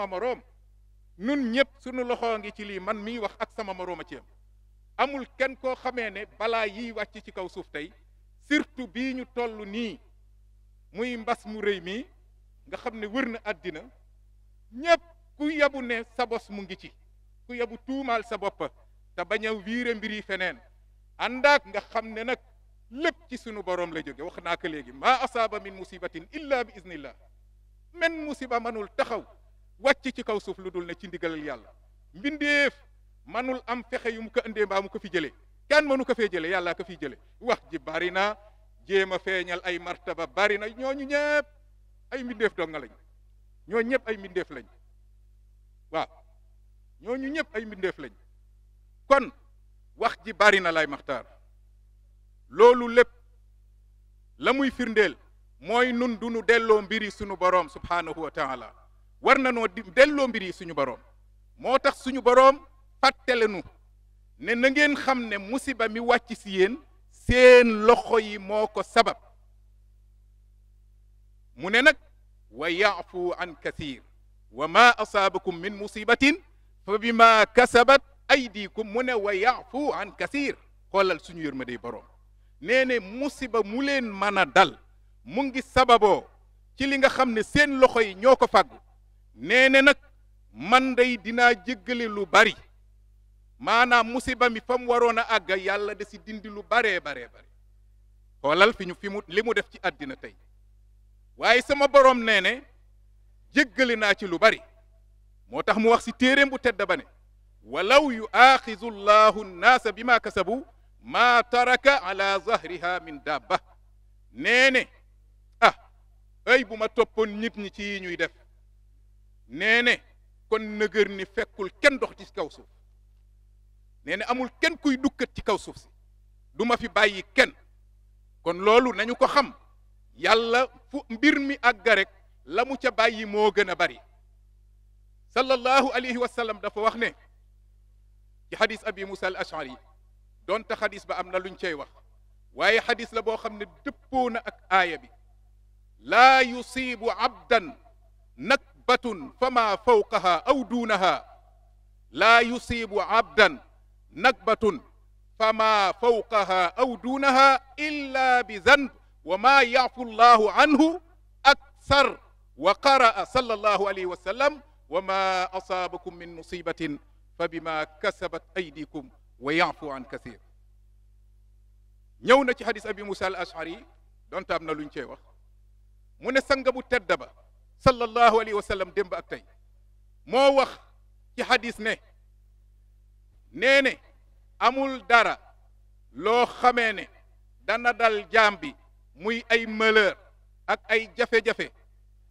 sama moroom nun ñëpp sunu loxo ngi ci lii man miy wax ak sama morom a ci amul kenn koo xamee ne balaa yi wàcc ci kaw suuf tey surtout bii ñu toll nii muy mbas mu rëy mi nga xam ne wër na àddina ñëpp ku yabu ne sa bos mu ngi ci ku yabu tuumaal sa bopp te bañ a wiire mbir yi feneen àndaak nga xam ne nag lépp ci sunu borom la jóge wax naa ko léegi ma asaaba min musibatin illa bi iznillah men musiba manul taxaw wàcc ci kaw suuf lu dul ne ci ndigalal yàlla mbindeef manul am fexe yu mu ko ko fi jëlee kenn mënu ko fee jëlee yàlla ko fiy jëlee wax ji bari na jéem a feeñal ay martaba bari na ñooñu ñëpp ay mbindeef dong lañ ñoo ñëpp ay mbindeef lañ waaw ñooñu ñëpp ay mbindeef lañ kon wax ji bari na lay maxtaar loolu lépp la muy firndeel mooy nun du nu delloo mbiri sunu boroom subhaanahu wa taala war na noo di delloo mbir yi suñu boroom moo tax suñu boroom fàttalenu ne na ngeen xam ne musiba mi wàcc si yéen seen loxo yi moo ko sabab mu ne nag wa yaafu an kathir wa ma asaabakum min musibatin fa bima kasabat ay aydikum mu ne wa yaafu an kathir xoolal suñu yërmande boroom nee ne musiba mu leen mën a dal mu ngi sababoo ci li nga xam ne seen loxo yi ñoo ko fàggu nee ne nag man day dinaa jéggale lu bari maanaam musiba mi fa mu waroon a àgg yàlla da si dindi lu baree baree bare xoolal fi fi mu li mu def ci àddina tey waaye sama borom nee ne naa ci lu bari moo tax mu wax si téeréem bu tedd ba ne walaw yu aaxizu llahu nnaasa bi ma kasabu maa taraka ala zahriha min dabba nee ne ah ay bu ma toppoon nit ñi ci yi ñuy def nee ne kon nëgër ni fekkul kenn dox ci kaw suuf nee ne amul kenn kuy dukkat ci kaw suuf si duma fi bàyyi kenn kon loolu nañu ko xam yàlla fu mbir mi àgga rek la mu ca bàyyi moo gën a bari sallallahu alayhi wa sallam dafa wax ne ci xadis abi musa al ashari donte xadis ba am na luñ cey wax waaye xadis la boo xam ne dëppoo na ak aaya bi laa yusiibu abdan nak حبة فما فوقها أو دونها لا يصيب عبدا نكبة فما فوقها أو دونها إلا بذنب وما يعفو الله عنه أكثر وقرأ صلى الله عليه وسلم وما أصابكم من مصيبة فبما كسبت أيديكم ويعفو عن كثير ñëw na ci xadis abi Moussa al Ashari donte am na lu ñu cee wax mu ne sang bu tedd ba sallallahu alayhi wa sallam démb ak tey moo wax ci xadis ne nee ne amul dara loo xamee ne dana dal jaam bi muy ay malheur ak ay jafe-jafe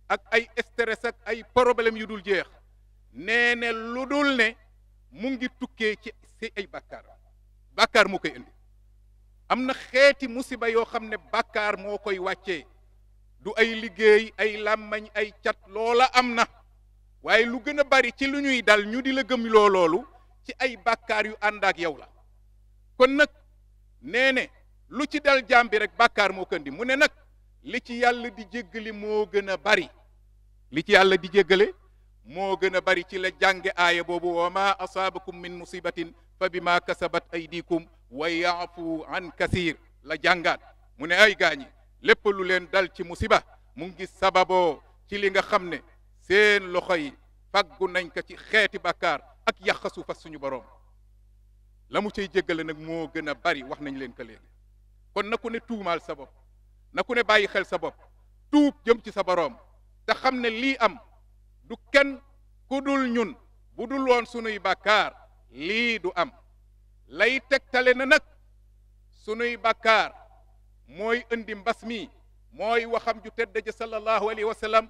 ak ay stress ak ay problème yu dul jeex nee ne lu dul ne mu ngi tukkee ci si ay bàkkaar bàkkaar moo koy indi am na xeeti musiba yoo xam ne bàkkaar moo koy wàccee du ay liggéey ay làmmañ ay cat loola am na waaye lu gën a bari ci lu ñuy dal ñu di la gëm loo loolu ci ay bakkaar yu ànd ak yow la kon nag nee ne lu ci dal jaam rek bàkkaar moo këndi mu ne nag li ci yàlla di jéggale moo gën a bari li ci yàlla di jéggale moo gën a bari ci la jànge aaya boobu wa ma asaabakum min musibatin fa bima kasabat aydikum wa yaafu an kasir la jàngaat mu ne ay gaañi lépp lu leen dal ci musiba mu ngi sababoo ci li nga xam ne seen loxo yi faggu nañ ko ci xeeti bàkkaar ak yàq suufa suñu borom la mu cay jéggale nag moo gën a bari wax nañ leen ko léegi kon na ku ne tuumaal sa bopp na ku ne bàyyi xel sa bopp tuub jëm ci sa boroom te xam ne lii am du kenn ku dul ñun bu dul woon sunuy bakkaar lii du am lay tegtale na nag sunuy bakkaar mooy indi mbas mi mooy waxam ju tedd ja sallallahu wa sallam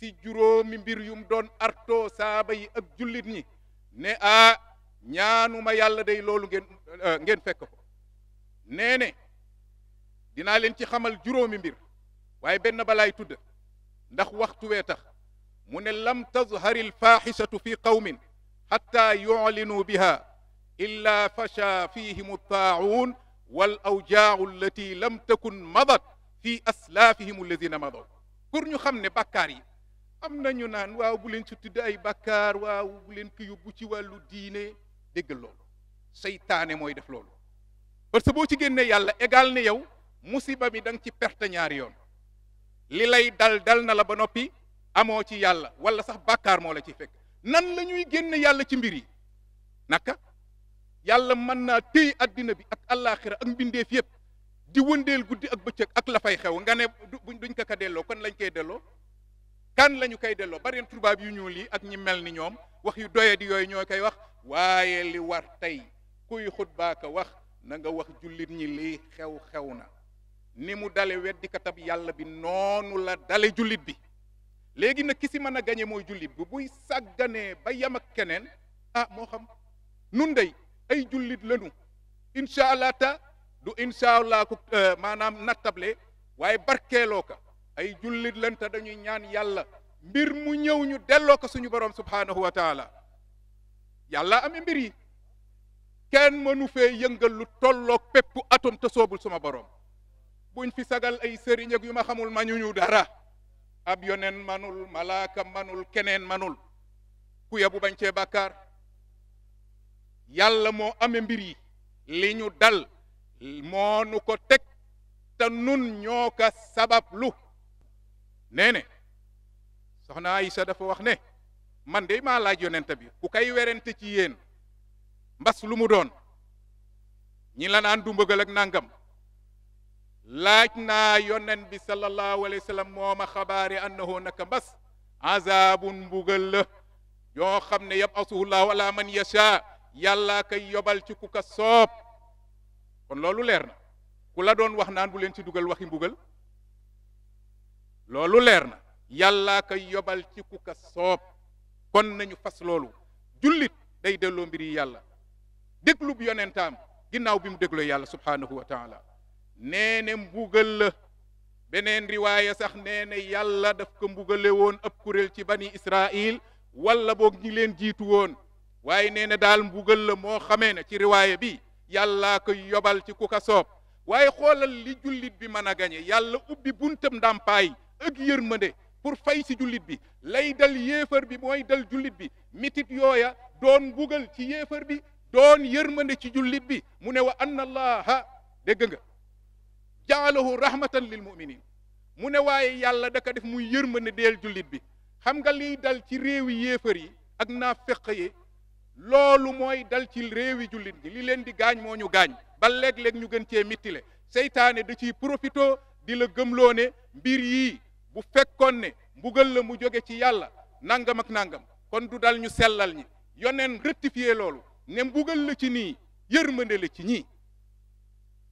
si juróomi mbir yum doon arto saaba yi ak jullit ñi ne a ñaanuma yàlla day loolu ngeen e, ngeen fekk ko nee ne dinaa leen ci xamal juróomi mbir waaye benn balaay tudd ndax waxtu wee tax mu ne lam tazhari alfaxishatu fi qawmin xatta yuclinuu biha illa fasha fihim altaaun wal awjaaru allati lam takun madat fi aslaafihim alladina madaw pour ñu xam ne bàkkaar yi am nañu naan waaw bu leen ci tudd ay bàkkaar waaw bu leen ko yóbbu ci wàllu diine dégg loolu seytaane mooy def loolu parce que boo ci génnee yàlla égal ne yow musiba mi da ci perte ñaari yoon li lay dal na la ba noppi amoo ci yàlla wala sax bàkkaar moo la ci fekk nan la ñuy génne yàlla ci mbir yi naka yàlla mën naa téy àddina bi ak àllaaxira ak mbindeef yëpp di wëndeel guddi ak bëccëg ak la fay xew nga ne duñ ko ko delloo kan lañ koy delloo kan la koy delloo bari na tubaab yu ñuul yi ak ñi mel ni ñoom wax yu doye di yooyu ñoo koy wax waaye li war tey kuy xutbaaka wax na nga wax jullit ñi lii xew xew na ni mu dale weddikatab yàlla bi noonu la dale jullit bi léegi nag ki si mën a gañe mooy jullit bi buy sàgganee ba yam ak keneen ah moo xam nun dey ay jullit lanu incha allah ta du incha allah ku eh, maanaam nattable waaye barkeeloo ka ay jullit lan te dañuy ñaan yàlla mbir mu ñëw ñu delloo ko suñu borom subhaanahu wa taala yàlla amee mbir yi kenn mënu fee yëngal lu tolloog peppu atom te soobul suma borom buñ fi sagal ay sëriñ ak yu ma xamul mañuñu dara ab yonen manul malaaka manul keneen manul ku yabu bañ cee bàkkaar yàlla moo amee mbir yi li dal moo ko teg ta nun ñoo ko sabab lu nee ne soxna Aïcha dafa wax ne man de maa laaj yonent bi ku kay werante ci mbas lu mu doon ñi la naan du mbëggal nangam laaj naa yonent bi sallallahu alayhi wa sallam moo ma xabaare annahu mbas azabun mbugal la yoo xam ne yab asuhullahu ala man yasha yàllaa koy yobal ci ku ka soob kon loolu leer na ku la doon wax naan bu leen ci dugal waxi mbugal loolu leer na yàllaa koy yobal ci ku ka kon nañu fas loolu jullit day delloo mbir yi yàlla déglu bu yonentaam ginnaaw bi mu dégloo yàlla subhaanahu wa taala nee beneen riwaaya sax nee ne yàlla daf ko mbugale woon ab kuréel ci bani israil wala boog ñi leen jiitu woon waaye nee na daal mbugal la moo xamee ne ci riwaaya bi yàllaa koy yobal ci ku ka soob waaye xoolal li jullit bi mën a gañe yàlla ubbi buntam ndàmpaay ak yërmande pour fay ci jullit bi lay dal yéefar bi mooy dal jullit bi mitit yooya doon mbugal ci yéefar bi doon yërmande ci jullit bi mu ne wa anna allaha dégg nga jaalahu rahmatan lil muminin mu ne waaye yàlla daka def muy yërmande deel jullit bi xam nga liy dal ci réewi yéefar yi ak naafeq yi loolu mooy dal ci réewi jullit ñi li leen di gaañ moo ñu gaañ ba léeg-léeg ñu gën cee mittile seytaane da ciy profito di la gëmloo ne mbir yi bu fekkoon ne mbugal la mu jóge ci yàlla nangam ak nangam kon du dal ñu sellal ñi yoneen rectifier loolu ne mbugal la ci nii yërmande la ci ñii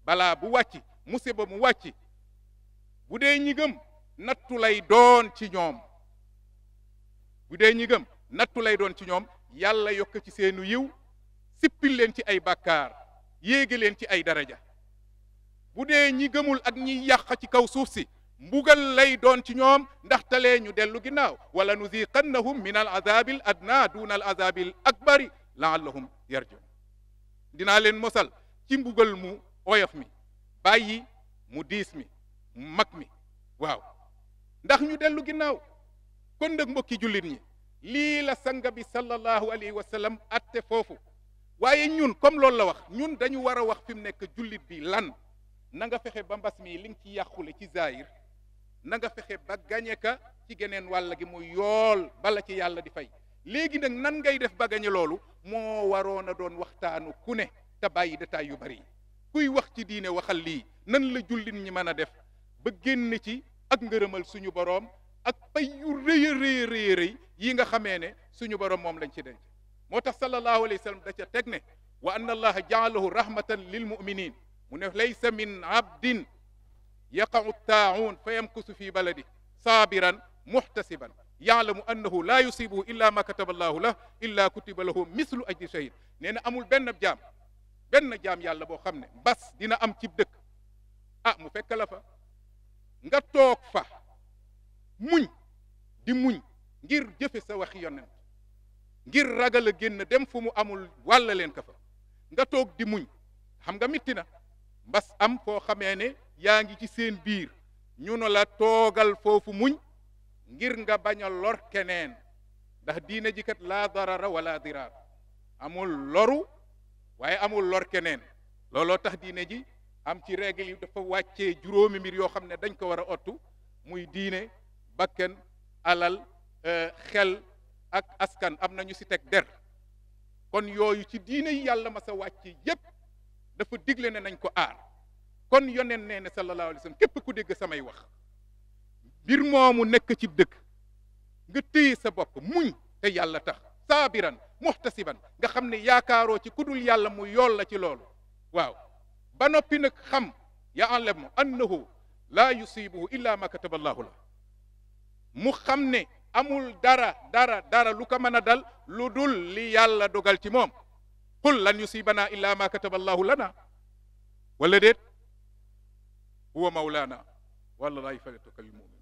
balaa bu wàcc musiba mu wàcc bu dee ñi gëm nattu lay doon ci ñoom bu dee ñi gëm nattu lay doon ci ñoom yàlla yokk ci seenu yiw sippil leen ci ay bàkkaar yéegi leen ci ay daraja bu dee ñi gëmul ak ñi yàq ci kaw suuf si mbugal lay doon ci ñoom ndaxte lee ñu dellu ginnaaw wala nuziqannahum min al azabil adna duunal al azabil akbari laallahum yarjun dinaa leen mosal ci mbugal mu oyof mi bàyyi mu diis mi mu mag mi waaw ndax ñu dellu ginnaaw kon nag mbokki jullit ñi lii la sanga bi sallallahu alayhi wa sallam atte foofu waaye ñun comme loolu la wax ñun dañu war a wax fi nekk jullit bi lan na nga fexe ba mbas mii li ci yàqule ci zaayir na nga fexe ba gañe ka ci geneen wàll gi mu yool bala ci yàlla di fay léegi nag nan ngay def ba gañe loolu moo waroon a doon waxtaanu ku ne te bàyyi détail yu bari kuy wax ci diine waxal lii nan la jullit ñi mën a def ba génn ci ak ngërëmal suñu boroom ak pay yu yi nga xamee ne suñu borom moom lañ ci denc moo tax sallallahu alayhi wa sallam da ca teg ne wa anna allaha jaalahu rahmatan lil muminin mu ne laysa min abdin yaqau taaun fa yamkusu fi baladi saabiran muhtasiban yaalamu annahu laa yusibuhu illa ma kataba allahu lah illa kutiba lahu mislu ajri shahid nee na amul benn jaam benn jaam yàlla boo xam ne mbas dina am cib dëkk ah mu fekk fa nga toog fa muñ di muñ ngir jëfe sa waxi yonent ngir ragal a génn dem fu mu amul wàlla leen ka fa nga toog di muñ xam nga mitti na mbas am foo xamee ne yaa ngi ci seen biir ñu ne toogal foofu muñ ngir nga bañ a lor keneen ndax diine ji kat laa darara wala diraar amul loru waaye amul lor keneen looloo tax diine ji am ci règle yi dafa wàccee juróomi mbir yoo xam ne dañ ko war a ottu muy diine bakken alal euh, xel ak askan am nañu si teg der kon yooyu ci diina yi yàlla ma sa wàcc yépp dafa digle nañ ko aar kon yonen nee ne sallallahu alayhi képp ku dégg samay wax mbir moomu nekk ci dëkk nga téye sa bopp muñ te yàlla tax saabiran muhtasiban nga xam ne yaakaaroo ci ku dul yàlla mu yool la ci loolu waaw ba noppi nag xam yaa am enlèvement annahu laa yusibuhu illa ma kataba allahu la mu xam ne amul dara dara dara lu ko mën a dal lu dul li yàlla dogal ci moom qul lan yusibana illa ma kataba allahu lana wala déet huwa mawlana wala lay falatuka lmumin